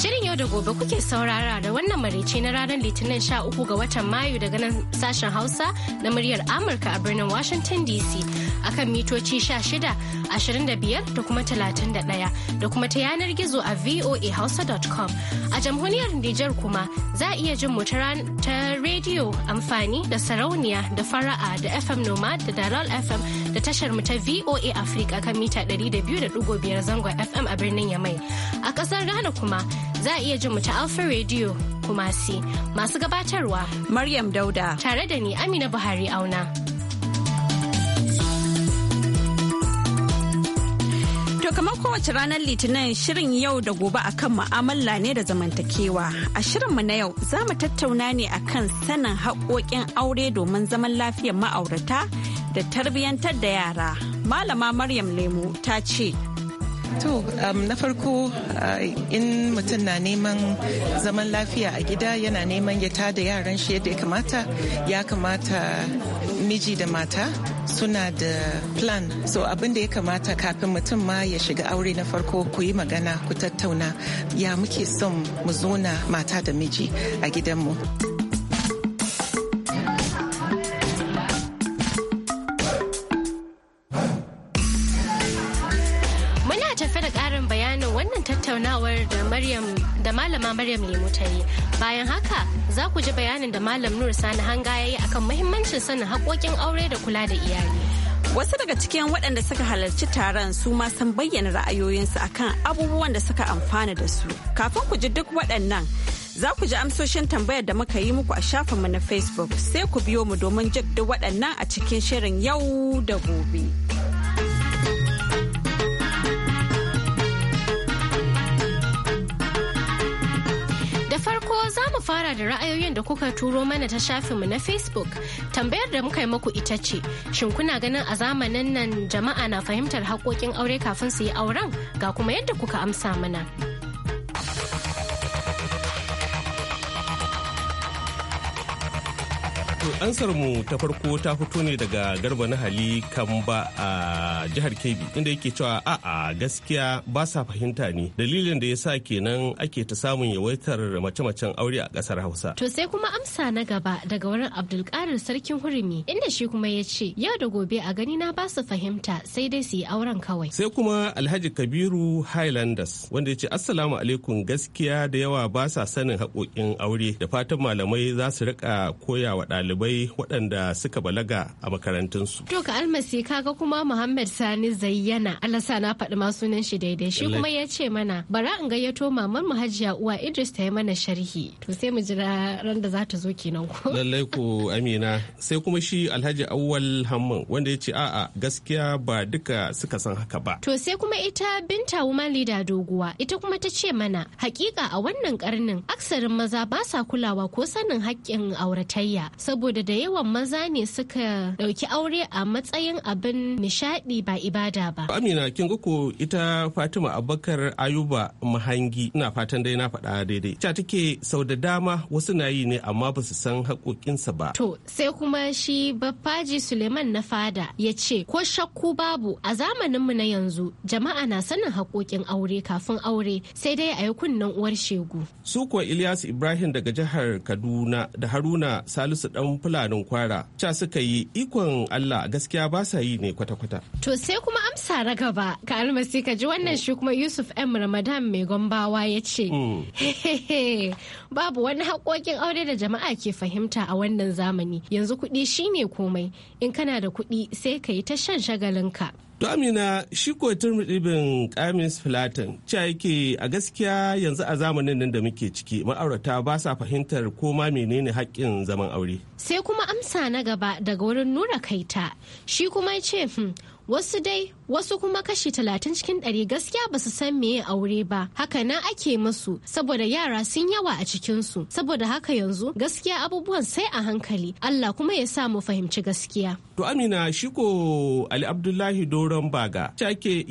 Shirin yau da gobe kuke saurara da wannan maraice na ranar Litinin 13 ga watan Mayu daga nan sashen Hausa na muryar Amurka a birnin Washington DC akan mitoci 16, 25 da kuma 31 da kuma ta yanar gizo a voahausa.com. A jamhuriyar Nijar kuma za a iya jin mu ta rediyo amfani da sarauniya da fara'a da FM Nomad da Dalal FM da tashar mu ta VOA Africa kan mita 200.5 zangon FM a birnin Yamai. A kasar Ghana kuma za a iya jin mu ta Alpha Radio Kumasi masu gabatarwa. Maryam Dauda. Tare da ni Amina Buhari Auna. To kamar kowace ranar litinin shirin yau da gobe akan mu'amala ne da zamantakewa. A shirinmu na yau za mu tattauna ne akan sanin haƙoƙin aure domin zaman lafiyar ma'aurata da tarbiyyantar da yara malama maryam lemu ta ce To, um, na farko uh, in mutum na neman zaman lafiya a gida yana neman ya tada yaran shi yadda ya kamata, ya kamata miji da mata suna da plan. So abin da ya kamata kafin mutum ma ya shiga aure na farko ku yi magana ku tattauna ya muke son mu zona mata da miji a gidanmu. karin bayanin wannan tattaunawar da malama Maryam Lemu ta yi. Bayan haka za ku ji bayanin da Malam Nur Sani Hanga ya yi akan muhimmancin sanin haƙoƙin aure da kula da iyali. Wasu daga cikin waɗanda suka halarci taron su ma sun bayyana ra'ayoyinsu akan abubuwan da suka amfana da su. Kafin ku ji duk waɗannan, za ku ji amsoshin tambayar da muka yi muku a shafinmu na Facebook sai ku biyo mu domin jin duk waɗannan a cikin shirin yau da gobe. mu fara da ra'ayoyin da kuka turo mana ta mu na Facebook. Tambayar da muka yi muku ita ce, shin kuna ganin a zamanin nan jama'a na fahimtar haƙoƙin aure kafin su yi auren ga kuma yadda kuka amsa mana. ansar mu ta farko ta fito ne daga garba na hali kamba a jihar kebbi inda yake cewa a'a gaskiya ba sa fahimta ne dalilin da ya sa kenan ake ta samun yawaitar mace-macen aure a kasar hausa to sai kuma amsa na gaba daga wurin abdulkarir sarkin hurumi inda shi kuma ya ce yau da gobe a gani na ba su fahimta sai dai su yi auren kawai sai kuma alhaji kabiru highlanders wanda ya ce assalamu alaikum gaskiya da yawa ba sa sanin haƙoƙin aure da fatan malamai za su riƙa koya wa ɗalibai dalibai waɗanda suka balaga a makarantunsu. To ka almasi kaga kuma Muhammad Sani Zayyana alasa na faɗi ma sunan shi daidai shi kuma ya ce mana bara in gayyato maman mu Hajiya uwa Idris ta yi mana sharhi to sai mu jira ran da za ta zo kenan ko. Lallai ko Amina sai kuma shi Alhaji Awwal Hamman wanda ya ce a'a gaskiya ba duka suka san haka ba. To sai kuma ita Binta Woman Lida Doguwa ita kuma ta ce mana hakika a wannan karnin aksarin maza ba sa kulawa ko sanin haƙƙin auratayya saboda saboda da yawan maza ne suka ɗauki aure a matsayin abin nishaɗi ba ibada ba. Amina kin ko ita Fatima Abubakar Ayuba Mahangi ina fatan dai na faɗa daidai. Ta take sau da dama wasu na yi ne amma ba su san haƙoƙinsa ba. To sai kuma shi Baffaji Suleiman na fada ya ce ko shakku babu a zamanin mu na yanzu jama'a na sanin haƙoƙin aure kafin aure sai dai a yi kunnen uwar shegu. Su kuwa Ilyas Ibrahim daga jihar Kaduna da Haruna Salisu dan 'yan fulanin kwara ca suka yi ikon allah gaskiya ba sa yi ne kwata-kwata to sai kuma amsa na gaba ka almasi ka ji wannan shi kuma yusuf m ramadan mai gombawa ya ce mm. babu wani haƙoƙin aure da jama'a ke fahimta a wannan zamani yanzu kuɗi shine komai in kana da kuɗi sai ka yi ta shan shagalinka To Amina shi ko ɗibin Kamis Filatin cewa yake a gaskiya yanzu a zamanin nan da muke ciki ma'aurata ba sa fahimtar ko ma menene haƙƙin zaman aure. Sai kuma amsa na gaba daga wurin nura kaita shi kuma ce hmm, wasu dai wasu kuma kashi talatin cikin ɗari gaskiya ba su san meye aure ba haka na ake masu saboda yara sun yawa a cikinsu saboda haka yanzu gaskiya abubuwan sai a hankali Allah kuma ya sa mu fahimci gaskiya. To Amina shi Ali Abdullahi Doron Baga ta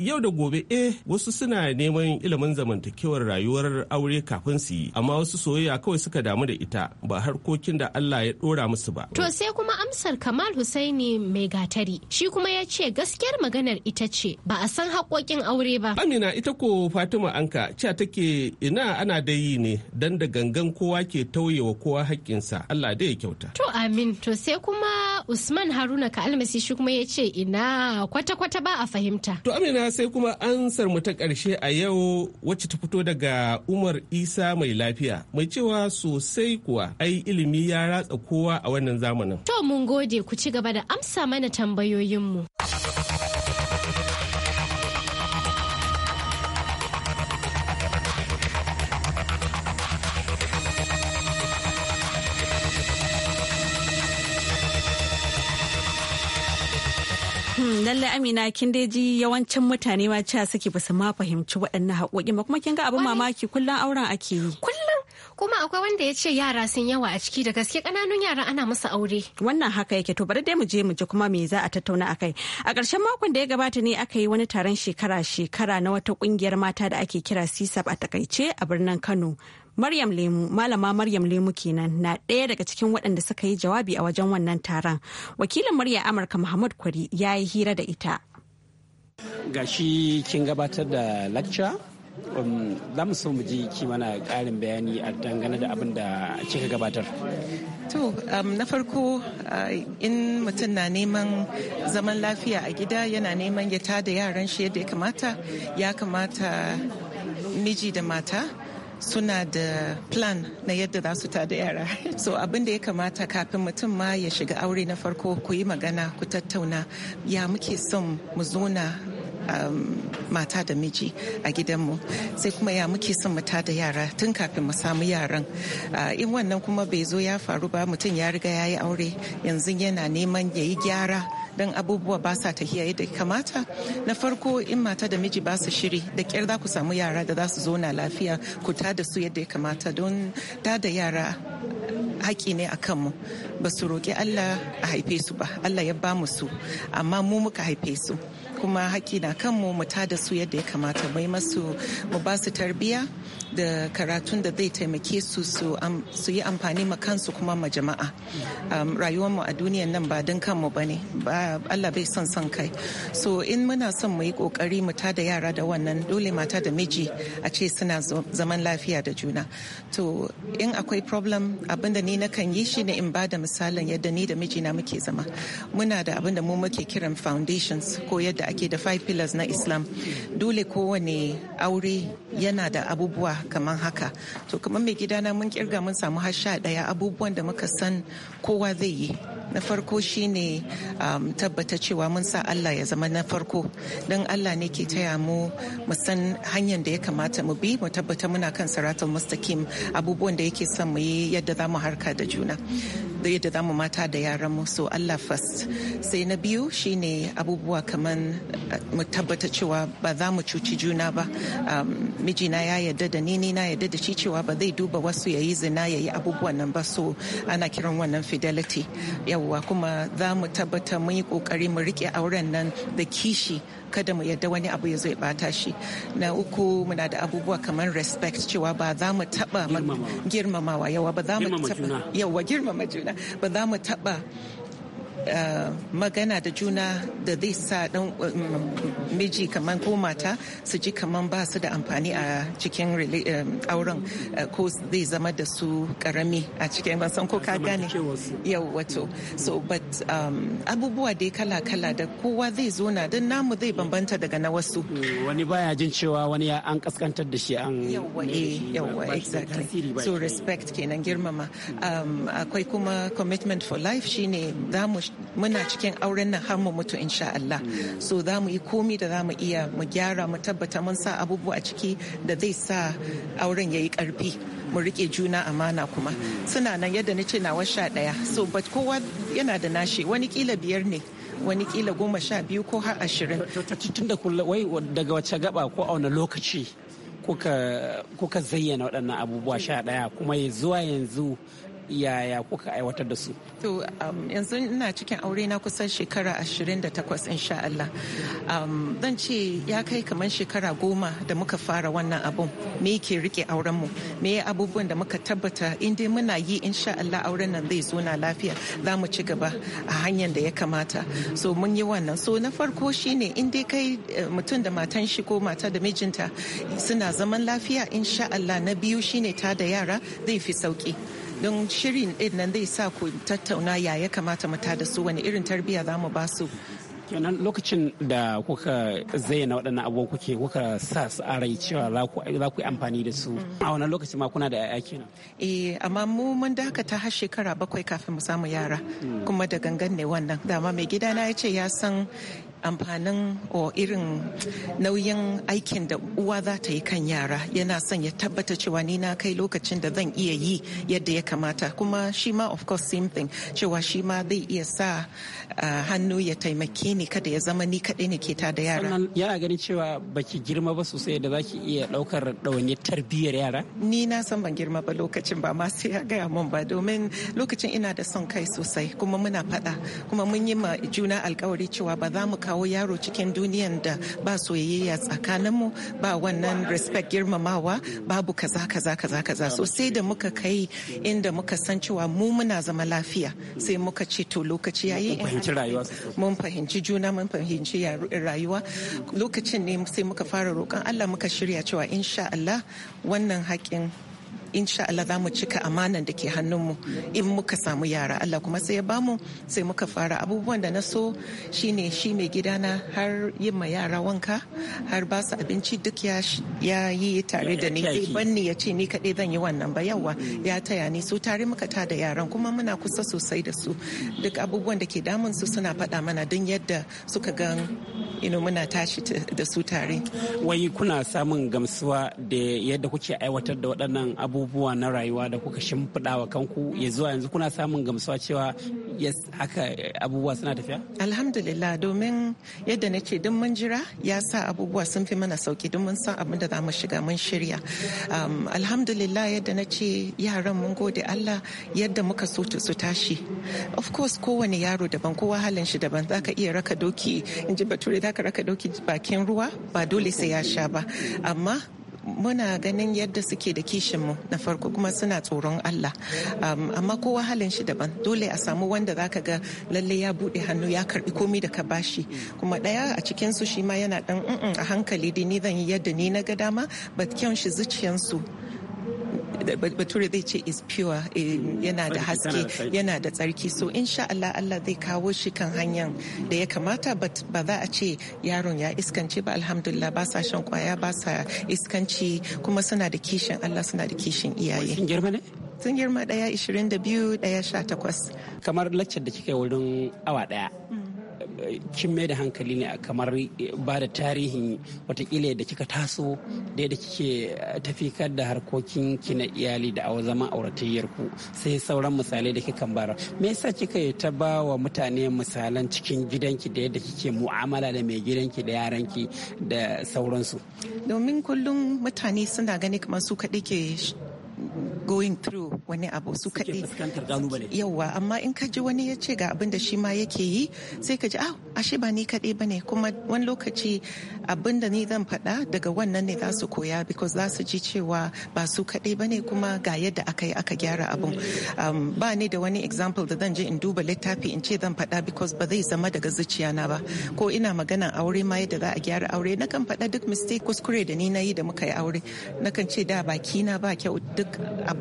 yau da gobe eh wasu suna neman ilimin zamantakewar rayuwar aure kafin su yi amma wasu soyayya kawai suka damu da ita ba harkokin da Allah ya ɗora musu ba. To sai kuma amsar Kamal Husaini mai gatari shi kuma ya ce gaskiya gaskiyar maganar ita ce ba a san haƙoƙin aure ba. Amina ita ko Fatima Anka cewa take ina ana da yi ne dan da gangan kowa ke tauyewa kowa haƙƙinsa Allah dai ya kyauta. To amin to sai kuma Usman Haruna ka almasi shi kuma ya ce ina kwata-kwata ba a fahimta. To Amina sai kuma ansar mu ta ƙarshe a yau wacce ta fito daga Umar Isa mai lafiya mai cewa sosai kuwa ai ilimi ya ratsa kowa a wannan zamanin. To mun gode ku ci gaba da amsa mana tambayoyin mu. lalle amina kin dai ji yawancin mutane ma cewa suke ba su ma fahimci waɗannan haƙoƙi ba kuma kin ga abin mamaki kullum auren ake yi kullum kuma akwai wanda ya ce yara sun yawa a ciki da gaske ƙananun yara ana musu aure wannan haka yake to bari dai mu je mu ji kuma me za a tattauna akai a ƙarshen makon da ya gabata ne aka yi wani taron shekara shekara na wata ƙungiyar mata da ake kira sisab a takaice a birnin Kano Maryam Lemu, Malama Maryam Lemu kenan na ɗaya daga cikin waɗanda suka yi jawabi a wajen wannan taron. Wakilin murya Amurka Muhammad Kwari ya yi hira da ita. Gashi kin gabatar da lacca um, za mu so mu ji ki mana ƙarin bayani a dangane da abin da kika gabatar. To, um, na farko uh, in mutum na neman zaman lafiya a gida yana neman ya tada yaran shi yadda ya kamata, ya kamata miji da mata suna da plan na yadda za su tada yara so abin da ya kamata kafin mutum ma ya shiga aure na farko ku yi magana ku tattauna ya muke son mu zona um, mata da miji a gidanmu sai kuma ya muke son mu da yara tun kafin mu samu yaran uh, in wannan kuma bai zo ya faru ba mutum ya riga ya yi aure yanzu yana neman ya yi gyara don abubuwa ba sa tafiya yadda kamata na farko in mata da miji ba su shiri da kyar za ku samu yara da za su zo na lafiya ku ta da su yadda ya kamata don ta da yara haƙi ne a kanmu ba su roƙi Allah a haife su ba Allah ya ba mu su amma mu muka haife su kuma haƙƙi na kanmu mu tada su yadda ya kamata mai masu mu ba su tarbiya da karatun da zai taimake su su yi amfani ma kansu kuma ma jama'a rayuwar mu a duniyan nan ba don kanmu ba ne Allah bai son son kai so in muna son mu yi kokari mu tada yara da wannan dole mata da miji a ce suna zaman lafiya da juna to in akwai problem abinda ni nakan yi shi ne in ba da misalin yadda ni da mijina muke zama muna da abinda mu muke kiran foundations ko yadda ake da five pillars na islam dole kowane aure yana da abubuwa kamar haka to kamar mai gidana mun kirga mun samu har sha daya abubuwan da muka san kowa zai yi na farko shine um, tabbata cewa mun sa allah ya zama na farko don allah ne ke taya mu mu san hanyar da ya kamata mu bi mu tabbata muna kan saratul mustaqim abubuwan da yake son mu yi yadda za mu harka da juna da yadda zamu mata da yaran mu so Allah first sai na biyu shine abubuwa kaman eh, mu tabbata cewa ba za mu cuci juna ba um, mijina ya yarda da ni na yarda da shi cewa ba zai duba wasu yayi zina yayi abubuwan nan ba so ana kiran wannan fidelity yawwa kuma za mu tabbata mun yi kokari mu rike auren nan da kishi kada mu yadda wani abu ya zo ya bata shi na uku muna da abubuwa kamar respect cewa ba za mu taba girmamawa yawa ba za mu taba yawa girmama juna ba za mu taba magana da juna da zai sa dan um, miji kamar ko mata su ji kamar ba su da amfani a cikin um, auren uh, ko zai zama da su karami a cikin wasan ko ka gane yau wato so but um, abubuwa dai kala-kala da kowa zai zo na don namu zai bambanta daga na wasu mm, wani baya jin cewa wani an kaskantar da shi an yawwa eh, exactly so respect kenan girmama mm. akwai kuma commitment for life shine za mu muna cikin auren nan har mu mutu insha Allah so za mu yi komi da za mu iya mu gyara mu tabbata mun sa abubuwa a ciki da zai sa auren ya yi karfi mu rike juna amana kuma suna nan yadda na ce nawa sha daya so but kowa yana da nashi wani kila biyar ne wani kila goma sha biyu ko har ashirin tun da wai daga wace gaba ko a wani lokaci kuka zayyana waɗannan abubuwa sha ɗaya kuma zuwa yanzu yaya kuka aiwatar da su to um, yanzu ina cikin aure na kusan shekara 28 insha Allah um, zan ce ya kai kamar shekara goma da muka fara wannan abun me yake rike auren mu me abubuwan da muka tabbata in dai muna yi insha Allah auren nan zai zo na lafiya za mu ci gaba a hanyar da ya kamata so mun yi wannan so na farko shine in dai kai eh, mutum da matan shi ko mata da mijinta suna zaman lafiya insha Allah na biyu shine ta da yara zai fi sauki don shirin din nan zai sa ku tattauna ya ya kamata mu da su wani irin tarbiyya za mu ba su kenan lokacin da kuka zayyana waɗannan abubuwan kuke kuka sa su a rai cewa za ku yi amfani da su mm. a wannan lokacin ma kuna da yaya kenan eh amma mu mun dakata har shekara bakwai kafin mu samu yara mm. kuma da gangan ne wannan dama mai gidana ya ce ya san amfanin o irin nauyin aikin da uwa za ta yi kan yara yana son ya tabbata cewa ni na kai lokacin da zan iya yi yadda ya kamata kuma shi ma of course same thing cewa shi ma zai iya sa hannu ya taimake ni kada ya zama ni kaɗai ne ke da yara. yana ganin cewa baki girma ba sosai da zaki iya ɗaukar ɗawainiyar tarbiyyar yara? Ni na san ban girma ba lokacin ba ma sai ya gaya mun ba domin lokacin ina da son kai sosai kuma muna faɗa kuma mun yi ma juna alkawari cewa ba za mu kawo yaro cikin duniyan da ba soyayya tsakanin mu ba wannan respect girmamawa babu kaza kaza kaza kaza so sai da muka kai inda muka san cewa mu muna zama lafiya sai muka ce to lokaci yayi in fahimci rayuwa mun fahimci juna mun fahimci rayuwa lokacin ne sai muka fara roƙon Allah muka shirya cewa insha Allah wannan haƙin insha Allah za mu cika amanan da ke hannunmu in muka samu yara Allah kuma sai ya bamu sai muka fara abubuwan da na so shine shi mai gidana har yin ma yara wanka har ba su abinci duk ya yi tare da ni banni ya ce ni kaɗai zan yi wannan ba yawa ya taya ni su tare muka ta da yaran kuma muna kusa sosai da su duk abubuwan da ke damun su suna faɗa mana don yadda suka gan ino muna tashi da su tare. Wai kuna samun gamsuwa da yadda kuke aiwatar da waɗannan abubuwan? abubuwa na rayuwa da kuka shimfiɗa wa kanku ya zuwa yanzu kuna samun gamsuwa cewa yes haka eh, abubuwa suna tafiya? Alhamdulillah domin yadda na ce duk mun jira ya sa abubuwa sun fi mana sauki duk mun san abin da za mu shiga mun shirya. Um, alhamdulillah yadda na ce yaran mun gode Allah yadda muka so su tashi. Of course kowane yaro daban kowa halin shi daban za ka iya raka doki in ji bature za ka raka doki bakin ruwa ba dole sai ya sha ba amma muna ganin yadda suke da kishinmu na farko kuma suna tsoron Allah um, amma kowa halin shi daban dole a samu wanda zaka ga lalle ya bude hannu ya karbi komi da ka bashi kuma daya a cikin su shi ma yana dan a hankali dai ni zan yi yadda ni na ga dama bat kyan shi zuciyansu bature zai ce is pure eh, yana da haske yana da tsarki so insha Allah Allah zai kawo shi kan hanyar da ya kamata ba za a ce yaron ya iskanci ba alhamdulillah ba sa shan kwaya ba sa iskanci kuma suna da kishin Allah suna da kishin iyaye sun girma daya 22 daya 18 kamar laccar da kika yi wurin awa daya mm. cin mai da hankali ne kamar eh, ba da tarihin watakila da kika taso da yadda kike eh, tafikar da harkokin ki na iyali da a zama auratayyar ku sai sauran misalai da kika bara me yasa kika ta ba wa mutane misalan cikin gidanki da yadda kike mu'amala da mai gidanki da yaranki da sauransu domin kullum mutane suna gani kamar su kaɗai ke going through wani abu su kaɗai yawa amma in ka ji wani ya ce ga abin da shi ma yake yi sai ka ji a ah, ashe ba ni kaɗai ne kuma wani lokaci abin da ni zan faɗa daga wannan ne za su koya because za su ji cewa ba su kaɗai ne kuma ga yadda aka yi aka gyara abun um, ba ni da wani example da zan je in duba littafi in ce zan faɗa because ba zai zama daga zuciya na ba ko ina magana aure ma yadda za a gyara aure na kan faɗa duk mistake kuskure da ni na yi da muka yi aure na kan ce da baki na ba kyau duk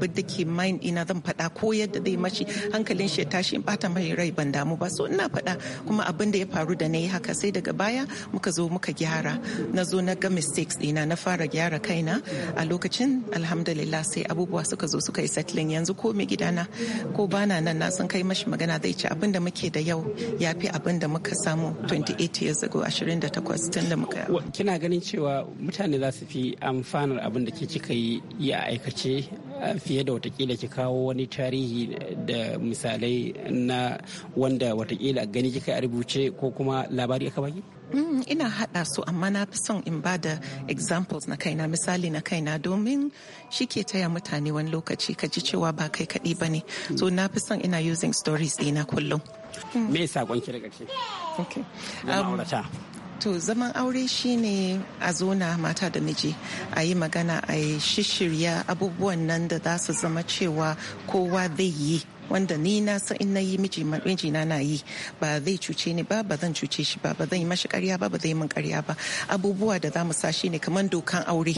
da ke main ina zan faɗa ko yadda zai mashi hankalin shi ya tashi in bata mai rai ban damu ba so ina faɗa kuma abin da ya faru da na yi haka sai daga baya muka zo muka gyara na zo na ga mistakes ɗina na fara gyara kaina a lokacin alhamdulillah sai abubuwa suka zo suka yi settling yanzu ko mai gidana ko bana nan na san kai mashi magana zai ci abin da muke da yau ya fi abin da muka samu 28 years ago 28 tun da muka kina ganin cewa mutane za su fi amfanar abin da ke kika yi a aikace fiye da watakila ki kawo wani tarihi da misalai na wanda watakila gani kika a rubuce ko kuma labari aka baki? Mm, ina haɗa su amma na fi son in ba da examples na kaina misali na kaina domin shi ke taya mutane wani lokaci ka ji cewa ba kai kaɗi ba ne so na fi son ina using stories dina kullum. me saƙon ki da ƙarshe? to zaman aure shine a zona mata da miji a yi magana a yi shishirya abubuwan nan da za su zama cewa kowa zai yi wanda ni na san in na yi miji mijina na yi ba zai cuce ni ba ba zan cuce shi ba ba zan yi mashi karya ba ba zai min karya ba abubuwa da za mu sa shi ne kamar dokan aure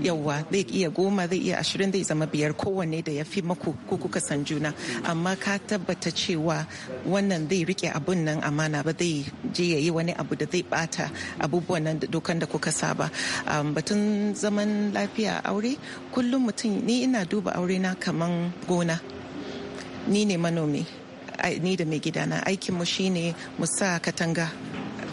yawwa zai iya goma zai iya ashirin zai zama biyar kowanne da ya fi maku ko kuka san juna amma ka tabbata cewa wannan zai rike abun nan amana ba zai je ya yi wani abu da zai bata abubuwan nan dokan da kuka saba batun zaman lafiya aure kullum mutum ni ina duba aure na kaman gona ni ne manomi ni da mai gidana aikinmu shine mu sa katanga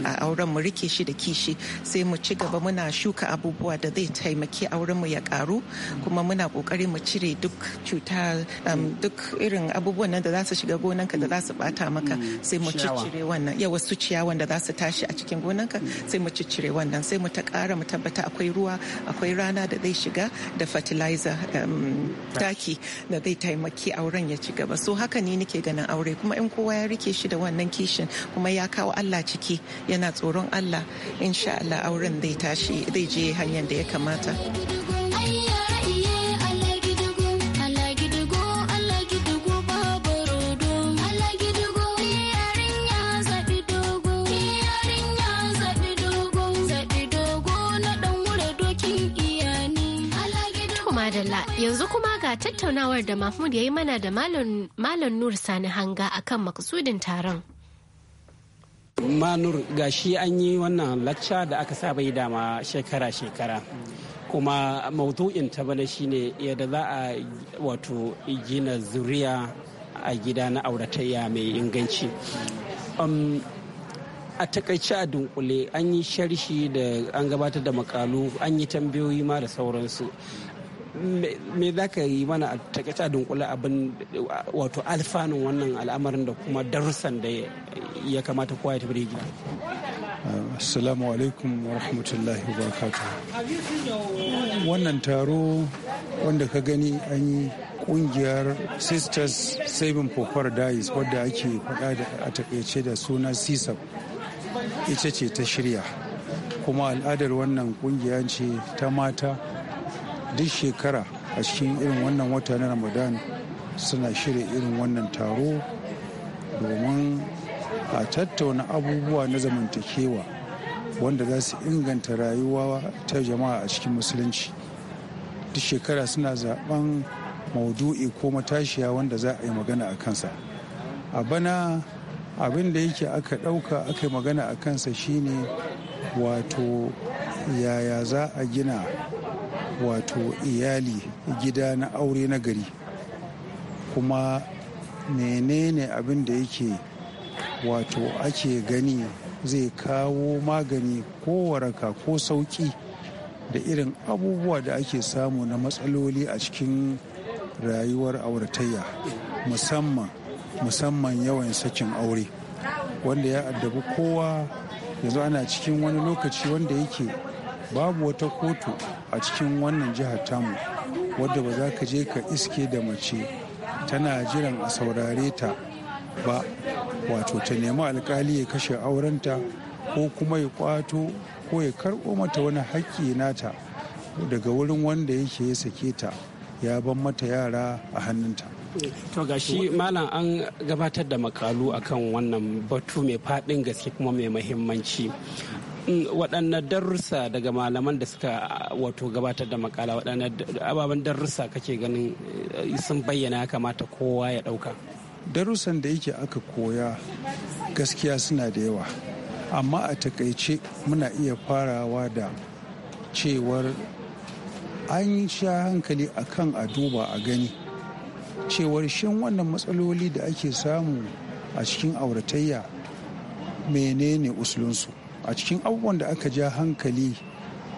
a auren mu rike shi da kishi sai mu ci gaba muna shuka abubuwa da zai taimaki auren mu ya karu kuma muna kokari mu cire duk cuta um, duk irin abubuwan nan da za su shiga gonanka da za su bata maka mm, sai mu ciccire wannan yawa su ciyawan da za su tashi a cikin gonanka mm. sai mu ciccire wannan sai mu ta kara mu tabbata akwai ruwa akwai rana da zai shiga da fertilizer um, taki da zai taimaki auren ya ci gaba so haka ne nake ganin aure kuma in kowa ya rike shi da wannan kishin kuma ya kawo Allah ciki yana tsoron Allah insha Allah auren zai tashi zai je hanyar da ya kamata. yanzu kuma ga tattaunawar da Mahmud ya yi mana da Malam Nur Sani Hanga akan maksudin taron. manur gashi an yi wannan lacca da aka saba yi dama shekara-shekara kuma maudu'in ta bana shine yadda za a wato gina zuriya a gida na auratayya mai inganci um, a takaice a dunkule an yi sharshi da an gabatar da makalu an yi tambayoyi ma da sauransu me za ka yi mana a takaice a dunkule abin wato alfanun wannan al'amarin da kuma darussan da ya kamata kowa ya gida assalamu alaikum wa rahmatullahi wa barakatu. wannan taro wanda ka gani an yi kungiyar sisters saving for paradise wadda ake faɗa a takaice da suna sisab ita ce ta shirya kuma al'adar wannan kungiya ce ta mata duk shekara a cikin irin wannan wata na ramadan suna shirya irin wannan taro domin a tattauna abubuwa na zamantakewa wanda za su inganta rayuwa ta jama'a a cikin musulunci duk shekara suna zaben maudu'i ko matashiya wanda za a yi magana a kansa a bana abin da yake aka ɗauka aka yi magana a kansa shine wato yaya za a gina wato iyali gida na aure na gari kuma menene abin da yake wato ake gani zai kawo magani ko waraka ko sauki da irin abubuwa da ake samu na matsaloli a cikin rayuwar auratayya musamman musamman yawan sakin aure wanda ya addabi kowa yanzu ana cikin wani lokaci wanda yake babu wata kotu a cikin wannan jihar tamu wadda ba za ka je ka iske da mace tana jiran a saurare ta ba wato ta nemi alkali ya kashe aurenta ko kuma ya kwato ko ya karɓo mata wani haƙƙi nata daga wurin wanda yake ya sake ta ya ban mata yara a hannunta to ga shi malam an gabatar da makalu akan wannan batu mai faɗin gaske kuma mai mahimmanci mm, waɗanne darussa daga malaman da suka wato gabatar da makala waɗanne ababen darussa kake ganin eh, sun bayyana ya kamata kowa ya ɗauka darussan da yake aka koya gaskiya suna da yawa amma a takaice muna iya farawa da cewar an sha hankali kan a duba a gani cewar shin wannan matsaloli da ake samu a cikin auratayya menene usulunsu a cikin abubuwan da aka ja hankali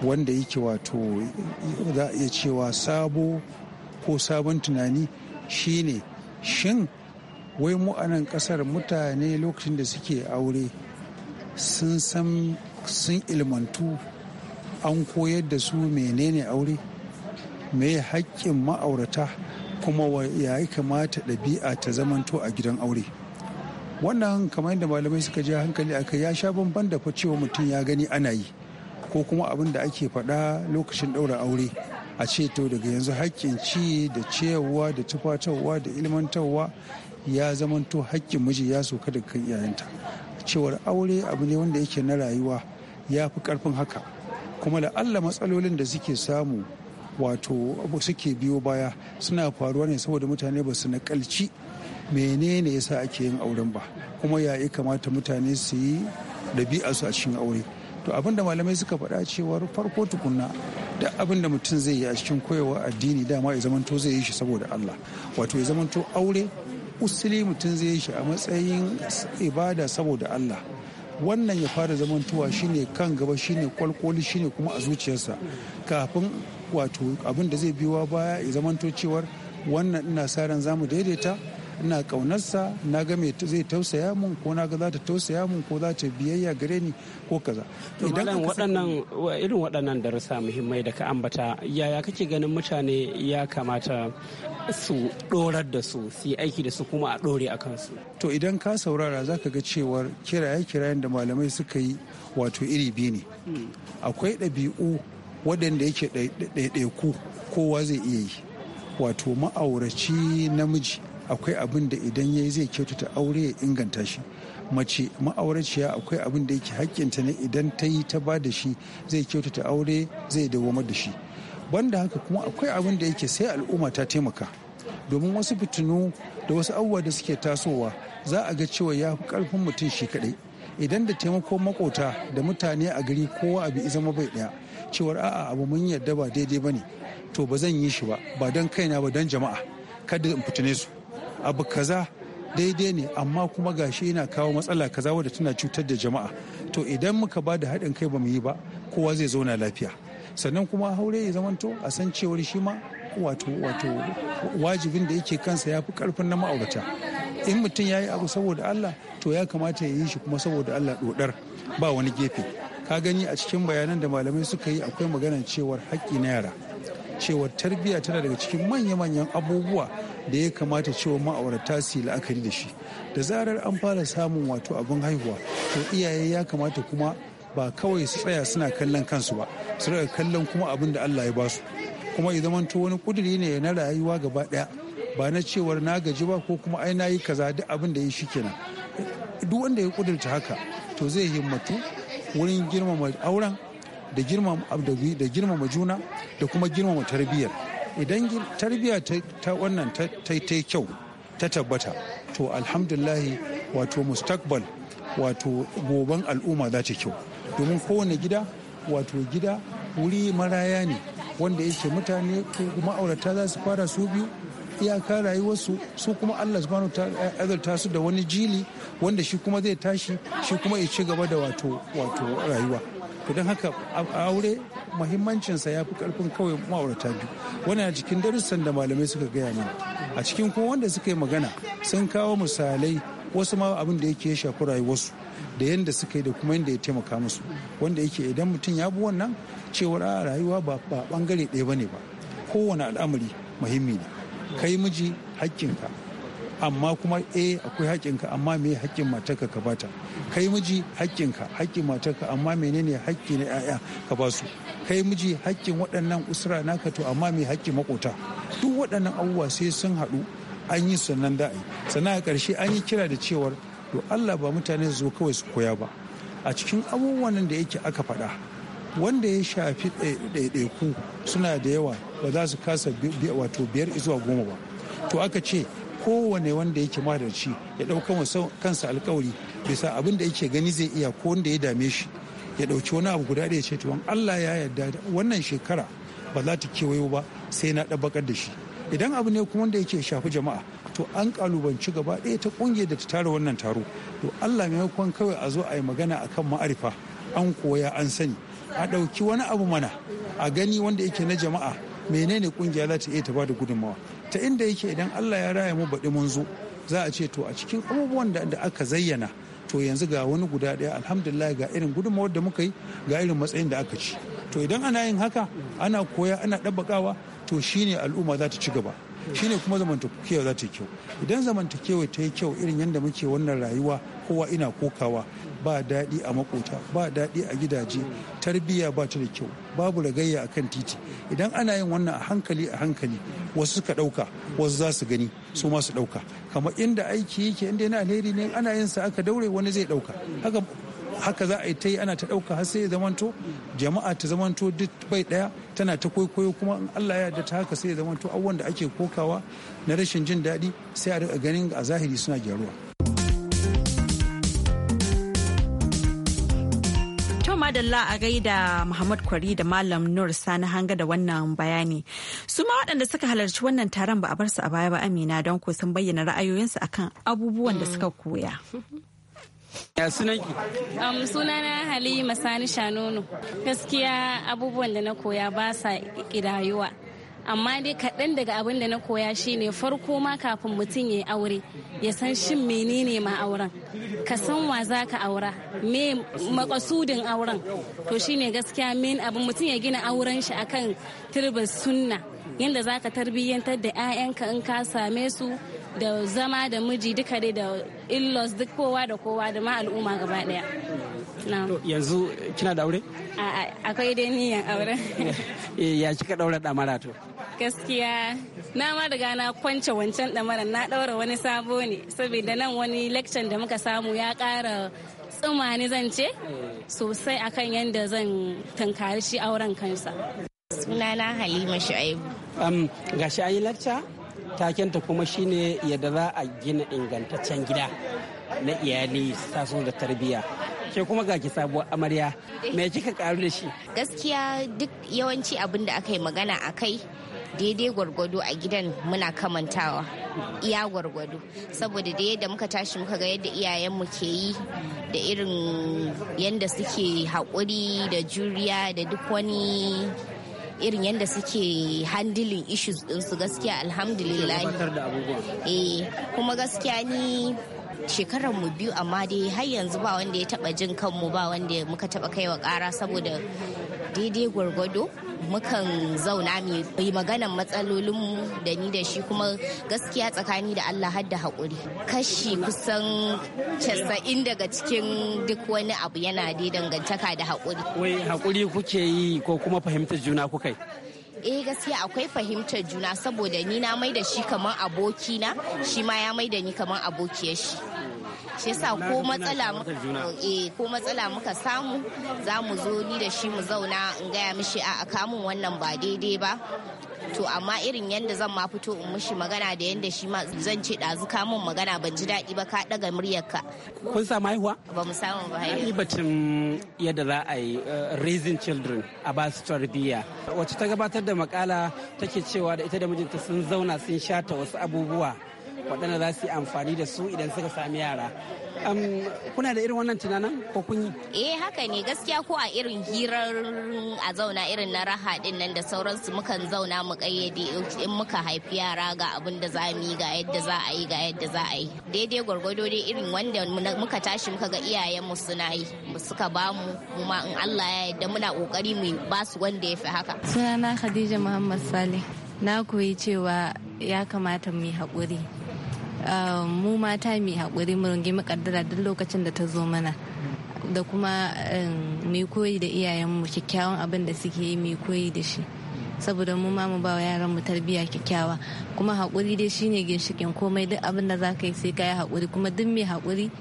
wanda yake wato za a iya cewa sabo ko sabon tunani shine shin wai mu a nan kasar mutane lokacin da suke aure sun san sun ilmantu an koyar da su menene aure me haƙƙin ma'aurata kuma ya kamata ɗabi'a ta zamanto a gidan aure wannan kamar yadda malamai suka je hankali aka ya sha bamban da cewa mutum ya gani ana yi ko kuma abin da ake faɗa lokacin ɗaura aure a ce to daga yanzu haƙƙin ci da ciyarwa da tufatarwa da ilmantarwa ya zamanto hakkin miji ya soka da kan iyayenta cewar aure abu ne wanda yake na rayuwa ya fi karfin haka kuma da allah matsalolin da suke samu wato suke biyo baya suna faruwa ne saboda mutane ba su nakalci menene yasa ake yin auren ba kuma ya kamata mutane su yi ɗabi'a su a cikin aure to abin da malamai suka faɗa cewar farko tukunna da abin da mutum zai yi a cikin koyarwa addini dama ya zamanto zai yi shi saboda Allah wato ya zamanto aure usuli mutum zai shi a matsayin ibada saboda Allah wannan ya fara zamantuwa shine kan gaba shine kwalkwali shine kuma a zuciyarsa kafin wato abin da zai biyowa baya ya zamanto cewar wannan ina sa ran zamu daidaita ina kaunarsa na ga me zai tausaya mun ko na ga za ta tausaya mun ko za ta biyayya gare ni ko kaza idan waɗannan irin waɗannan darussa muhimmai da ka ambata yaya kake ganin mutane ya kamata su ɗorar da su su yi aiki da su kuma a ɗore a kansu to idan ka saurara za ka ga cewar kiraye kirayen da malamai suka yi wato iri biyu ne hmm. akwai ɗabi'u waɗanda yake ɗaiɗaiku kowa zai iya yi wato ma'auraci namiji akwai abin da idan ya yi zai kyautata aure ya inganta shi mace ma'auraciya akwai abin da yake ta ne idan ta yi ta ba da shi zai kyautata aure zai dawamar da shi banda haka kuma akwai abin da yake sai al'umma ta taimaka domin wasu fitinu da wasu abubuwa da suke tasowa za a ga cewa ya fi karfin mutum shi kaɗai idan da taimako makota da mutane a gari kowa abu zama bai ɗaya cewar a'a abu mun yarda ba daidai ba ne to ba zan yi shi ba ba don kaina ba don jama'a kada in fitine su abu kaza daidai ne amma kuma gashi yana kawo matsala kaza wadda tana cutar da jama'a to idan muka ba da haɗin kai ba mu yi ba kowa zai zauna lafiya sannan kuma haure ya zamanto a san cewar shi ma wato wato wajibin da yake kansa ya fi karfin na ma'aurata in mutum ya yi abu saboda allah to ya kamata ya yi shi kuma saboda allah dodar ba wani gefe ka gani a cikin bayanan da malamai suka yi akwai maganar cewar haƙƙi na yara cewa tarbiyya tana daga cikin manya-manyan abubuwa da ya kamata cewa ma'aurata su yi la'akari da shi da zarar an fara samun wato abin haihuwa to iyaye ya kamata kuma ba kawai su tsaya suna kallon kansu ba su daga kallon kuma abin da allah ya basu kuma ya zamanto wani kudiri ne na rayuwa gaba ɗaya ba na cewar na gaji ba ko kuma ai na yi kaza duk abin da ya shi kenan duk wanda ya kudurta haka to zai himmatu wurin girmama auren da girmama juna da kuma girmama tarbiyyar idan tarbiyya ta wannan ta kyau ta tabbata to alhamdulahi wato mustakbal wato goban al'umma za ta kyau domin kowane gida wato gida wuri maraya ne wanda yake mutane ma'aurata za su fara su biyu iyaka rayuwarsu su kuma allah subhanahu azurta su da wani jili wanda shi kuma zai tashi shi kuma ya ci gaba da wato wato rayuwa to don haka aure mahimmancinsa ya fi karfin kawai ma'aurata biyu wani a cikin darussan da malamai suka gaya mana a cikin kuma wanda suka yi magana sun kawo misalai wasu ma abin da yake ya shafi rayuwarsu da yadda suka yi da kuma yadda ya taimaka musu wanda yake idan mutum ya bi wannan cewar a ah, rayuwa ba bangare ɗaya ba ne ba kowane al'amari muhimmi ne kai miji hakkinka amma kuma eh akwai haƙƙinka amma me haƙƙin matarka ka bata kai miji haƙƙinka haƙƙin matarka amma menene haƙƙi na 'ya'ya ka ba su kai miji haƙƙin waɗannan usura naka to amma me haƙƙin makota duk waɗannan abubuwa sai sun haɗu an yi sannan da'a sannan a ƙarshe an yi kira da cewar to Allah ba mutane su zo kawai su koya ba a cikin abubuwan da yake aka faɗa wanda ya shafi ɗaiɗaiku suna da yawa ba za su kasa wato biyar zuwa goma ba to aka ce kowane wanda yake madarci ya ɗauka kansa alkawari bisa abin da yake gani zai iya ko wanda ya dame shi ya ɗauki wani abu guda ɗaya ce to Allah ya yarda wannan shekara ba za ta kewayo ba sai na ɗabbakar da shi idan abu ne kuma wanda yake shafi jama'a to an kalubanci gaba ɗaya ta ƙungiyar da ta tara wannan taro to Allah maimakon kawai a zo a yi magana akan ma'arifa an koya an sani a ɗauki wani abu mana a gani wanda yake na jama'a menene ƙungiya za ta iya ta ba da gudunmawa ta inda yake idan Allah ya raya mu baɗi mun zo za a ce to a cikin abubuwan da aka zayyana to yanzu ga wani guda ɗaya alhamdulillah ga irin gudunmawar da muka yi ga irin matsayin da aka ci to idan ana yin haka ana koya ana ɗabakawa to shine al'umma za ta ci gaba shine kuma zamantakewa za ta yi kyau idan zamantakewa ta yi kyau irin yadda muke wannan rayuwa kowa ina kokawa ba daɗi a makota ba daɗi a gidaje tarbiyya ba ta da kyau babu ragayya a kan titi idan ana yin wannan a hankali a hankali wasu suka ɗauka wasu za su gani su ma su ɗauka kamar inda aiki yake inda yana alheri ne ana yin sa aka daure wani zai ɗauka haka za a yi ta yi ana ta ɗauka har sai ya zamanto jama'a ta zamanto duk bai ɗaya tana ta kwaikwayo kuma in Allah ya yarda ta haka sai ya zamanto abubuwan da ake kokawa na rashin jin daɗi sai a ganin a zahiri suna gyaruwa. madalla a gaida Muhammad Kwari da Malam Nur Sani Hanga da wannan bayani. Su ma waɗanda suka halarci wannan taron ba a bar su a baya ba Amina don ko sun bayyana ra'ayoyinsu akan abubuwan da mm. suka koya. Ya sunan Um, sunana Halima Sani Shanono. Gaskiya abubuwan da na koya ba sa ƙidayuwa. amma dai kaɗan daga abin da na koya shine farko ma kafin mutum ya aure ya san shin menene ma auren ka san wa za ka aura me makasudin auren to shine gaskiya min abin mutum ya gina auren shi akan turbar sunna yadda za ka tarbiyyantar da 'ya'yanka in ka same su da zama da miji duka dai da illos duk kowa da kowa da ma al'umma gaba daya yanzu kina da aure akwai dai niyan aure eh, ya kika daura da marato gaskiya na ma riga na kwance wancan ɗamara na ɗaura wani sabo ne saboda nan wani lecture da muka samu ya ƙara tsuma zan ce sosai akan yadda zan tankari shi auren kansa sunana halima shu'aibu um, ga shi ayi lakca takenta kuma shine yadda za a gina ingantaccen gida na iyali taso da tarbiyya ke kuma ga ki sabuwar amarya mai kika karu da shi gaskiya duk yawanci abin da aka yi magana a kai daidai gwargwado a gidan muna kamantawa iya gwargwado saboda da yadda muka tashi muka ga yadda mu ke yi da irin yadda suke haƙuri da juriya da duk wani irin yadda suke handling issues ɗinsu gaskiya alhamdulillah eh kuma gaskiya ni shekarar mu biyu amma dai har yanzu ba wanda ya taba jin kanmu ba wanda muka taba kaiwa kara saboda daidai gwargwado mukan zauna mu yi maganan matsalolinmu da ni da shi kuma gaskiya tsakani da Allah hadda hakuri. kashi kusan casa'in daga cikin duk wani abu yana da dangantaka da haƙuri wai haƙuri kuke yi ko kuma fahimtar juna kukai eh gaskiya akwai fahimtar juna saboda ni na mai da shi kamar abokina shi ma ya mai da ni kamar abokiyar shi shi yasa eh, ko matsala muka samu za mu zo ni da shi mu zauna in gaya mishi a kamun wannan ba daidai ba to amma irin yadda zan ma fito in mushi magana da yadda shi ma zan ce ɗazu ka mun magana ban ji daɗi ba ka ɗaga muryarka. Kun samu haihuwa? Ba mu samu ba haihuwa. Ni batun yadda za a yi uh, raising children a ba su tarbiyya. Wacce ta gabatar da makala take cewa da ita da mijinta sun zauna sun shata wasu abubuwa waɗanda za su yi amfani da su idan suka sami yara kuna da irin wannan tunanin ko kun yi eh haka ne gaskiya ko a irin hirar a zauna irin na raha din nan da sauransu mukan zauna mu kayyade in muka haifi yara ga abin da za mu yi ga yadda za a yi ga yadda za a yi daidai gwargwado dai irin wanda muka tashi muka ga iyayen mu suna yi suka ba mu kuma in Allah ya yarda muna kokari mu ba su wanda ya fi haka sunana Khadija Muhammad Saleh na koyi cewa ya kamata mu yi haƙuri ah, mu mata mu yi haƙuri mu rungi makaddara duk lokacin da ta zo mana da kuma mu koyi da iyayenmu kyakkyawan abin da suke yi mu koyi da shi saboda mu ma mu ba wa yaran mu tarbiyya kyakkyawa kuma haƙuri dai shine ginshikin komai duk abin da zaka yi sai ka yi haƙuri kuma duk mai haƙuri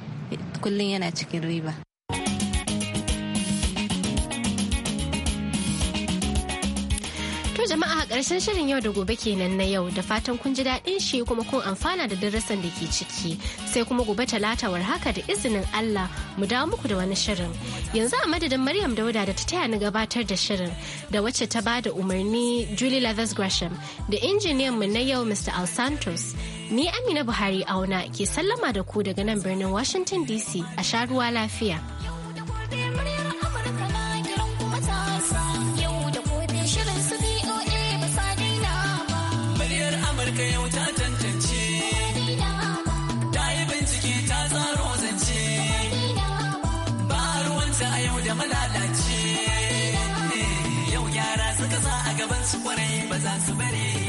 kullum yana cikin riba To jama'a ƙarshen shirin yau da gobe kenan na yau da fatan kun ji daɗin shi kuma kun amfana da darasin da ke ciki sai kuma gobe talatawar haka da izinin Allah mu dawo muku da wani shirin. Yanzu a madadin Maryam Dauda da ta taya ni gabatar da shirin da wacce ta ba da umarni Julie Lathers Gresham da injiniyan mu na yau Mr. Al Santos. Ni Amina Buhari auna ke sallama da ku daga nan birnin Washington DC a sharuwa lafiya. kwarai ba za